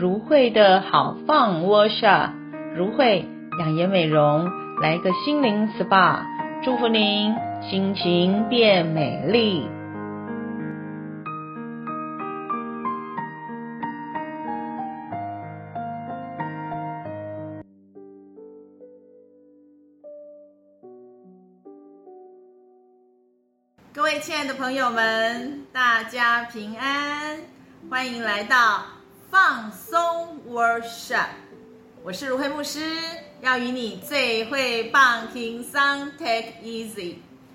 蘆薈的好 Fun workshop，蘆薈養顏美容，來個心靈 SPA，祝福您心情變美麗。各位親愛的朋友們，大家平安，歡迎來到。放鬆，workshop。我是如慧牧師，要與你最會棒 King 桑 take easy。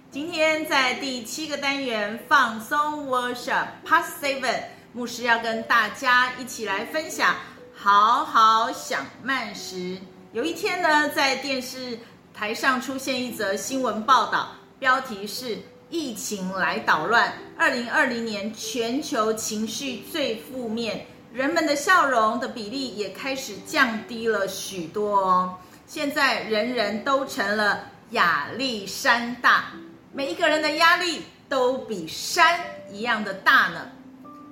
今天在第七個單元，放鬆，workshop。part seven，牧師要跟大家一起來分享，好好享漫食。有一天呢，在電視台上出現一則新聞報道，標題是“疫情來搗亂，二零二零年全球情緒最負面”。人們的笑容的比例也開始降低了許多哦。現在人人都成了亞歷山大，每一個人的壓力都比山一樣的大呢。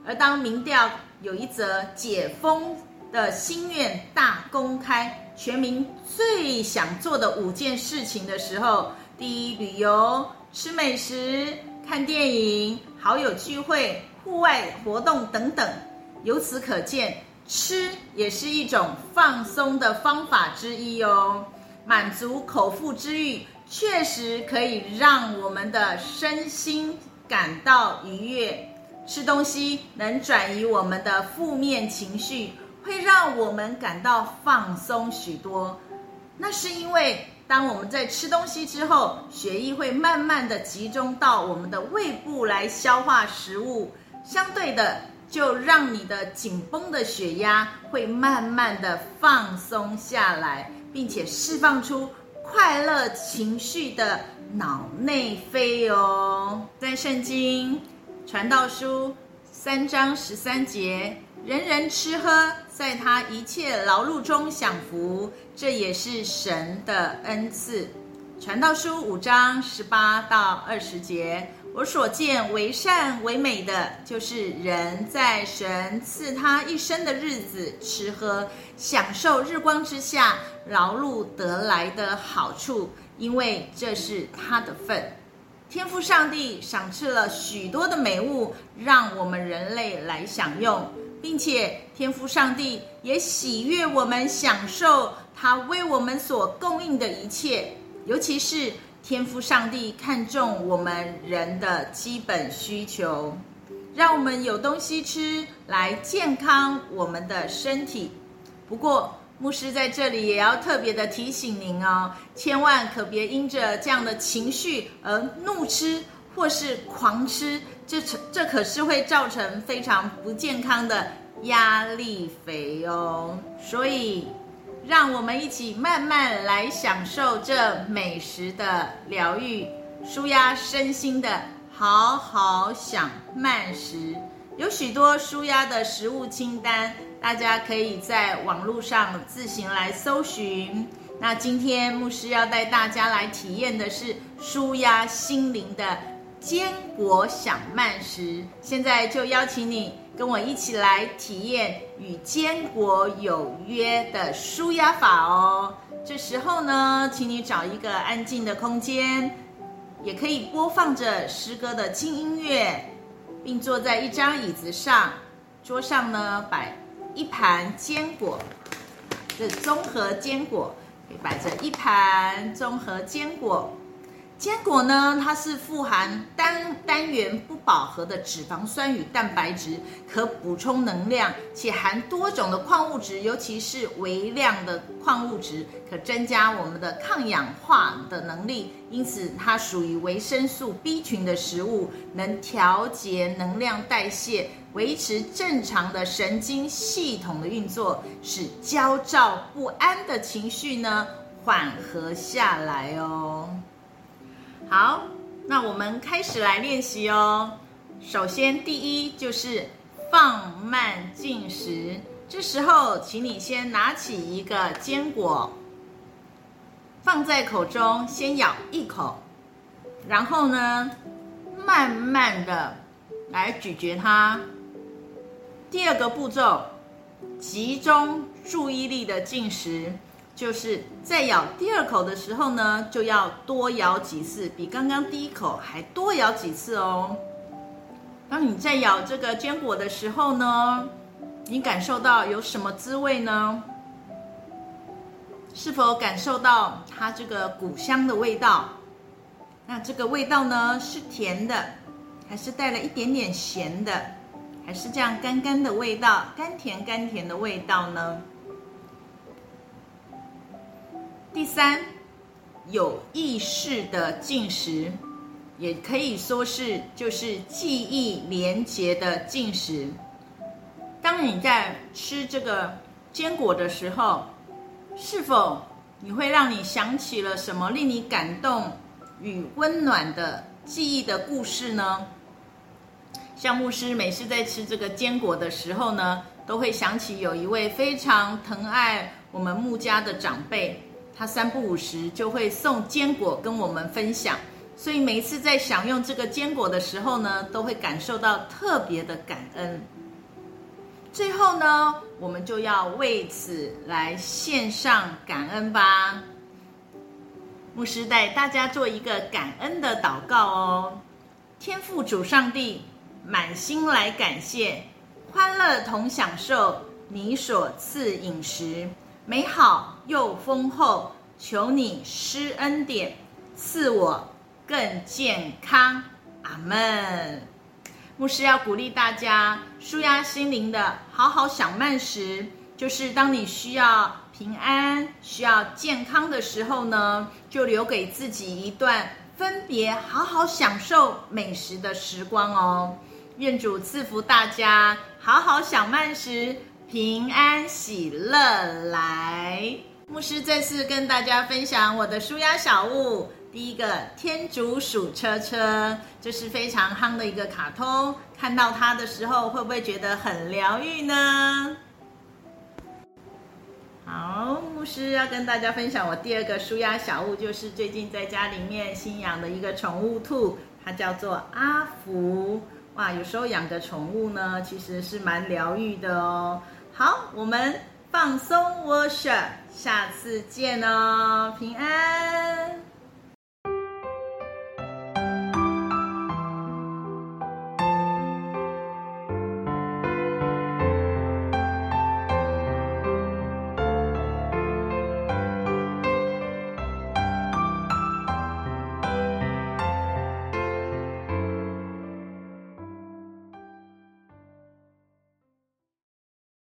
而當民調有一則解封的心願大公開，全民最想做的五件事情的時候，第一，旅遊、吃美食、看電影、好友聚會、戶外活動等等。由此可見，吃也是一種放鬆的方法之一哦，滿足口腹之慾，確實可以讓我們的身心感到愉悅。吃東西能轉移我們的負面情緒，會讓我們感到放鬆許多。那是因為，當我們在吃東西之後，血液會慢慢的集中到我們的胃部來消化食物，相對的。就讓你的緊繃的血壓會慢慢的放鬆下來，並且釋放出快樂情緒的腦內啡哦。在聖經傳道書三章十三節，人人吃喝，在他一切勞碌中享福，這也是神的恩賜。傳道書五章十八到二十節。我所見為善為美的，就是人在神賜他一生的日子，吃喝享受日光之下勞碌得來的好處，因為這是他的份。天父上帝賞賜了許多的美物，讓我們人類來享用，並且天父上帝也喜悅我們享受他為我們所供應的一切，尤其是。天父上帝看重我們人的基本需求，讓我們有東西吃來健康我們的身體。不過，牧師在這裡也要特別的提醒您哦，千萬可別因着這樣的情緒而怒吃或是狂吃，這這可是會造成非常不健康的壓力肥哦。所以。讓我們一起慢慢來享受這美食的療癒，舒壓身心的好好享慢食。有許多舒壓的食物清單，大家可以在網絡上自行來搜尋。那今天牧師要帶大家來體驗的是舒壓心靈的。堅果享慢食，現在就邀請你跟我一起來體驗與堅果有約的舒壓法哦。這時候呢，請你找一個安靜的空間，也可以播放着詩歌的輕音樂，並坐在一張椅子上，桌上呢擺一盤堅果，這綜合堅果，可以擺着一盤綜合堅果。堅果呢，它是富含單單元不飽和的脂肪酸與蛋白質，可補充能量，且含多種的礦物質，尤其是微量的礦物質，可增加我們的抗氧化的能力。因此，它屬於維生素 B 群的食物，能調節能量代謝，維持正常的神經系統的運作，使焦躁不安的情緒呢緩和下來哦。好，那我們開始來練習哦。首先，第一就是放慢進食。這時候，請你先拿起一個堅果，放在口中，先咬一口，然後呢，慢慢的來咀嚼它。第二個步驟，集中注意力的進食。就是在咬第二口的時候呢，就要多咬幾次，比剛剛第一口還多咬幾次哦。當你在咬這個堅果的時候呢，你感受到有什麼滋味呢？是否感受到它這個穀香的味道？那這個味道呢，是甜的，還是帶了一點點鹹的，還是這樣甘甘的味道，甘甜甘甜的味道呢？第三，有意識的進食，也可以說是就是記憶聯結的進食。當你在吃這個堅果的時候，是否你會讓你想起了什麼令你感動與溫暖的記憶的故事呢？像牧師每次在吃這個堅果的時候呢，都會想起有一位非常疼愛我們牧家的長輩。他三不五時就會送堅果跟我們分享，所以每一次在享用這個堅果的時候呢，都會感受到特別的感恩。最後呢，我們就要為此來獻上感恩吧。牧師帶大家做一個感恩的禱告哦。天父主上帝，滿心來感謝，歡樂同享受你所賜飲食。美好又豐厚，求你施恩典，賜我更健康。阿門。牧師要鼓勵大家，舒壓心靈的，好好享漫食，就是當你需要平安、需要健康的時候呢，就留給自己一段分別，好好享受美食的時光哦。願主賜福大家，好好享慢食，平安喜樂來。牧師再次跟大家分享我的舒壓小物，第一個天竺鼠車車，這是非常夯的一個卡通，看到它的時候，會不會覺得很療癒呢？好，牧師要跟大家分享我第二個舒壓小物，就是最近在家裡面新養的一個寵物兔，它叫做阿福。哇，有時候養個寵物呢，其實是蠻療癒的哦。好，我們放鬆 workshop，下次見哦，平安。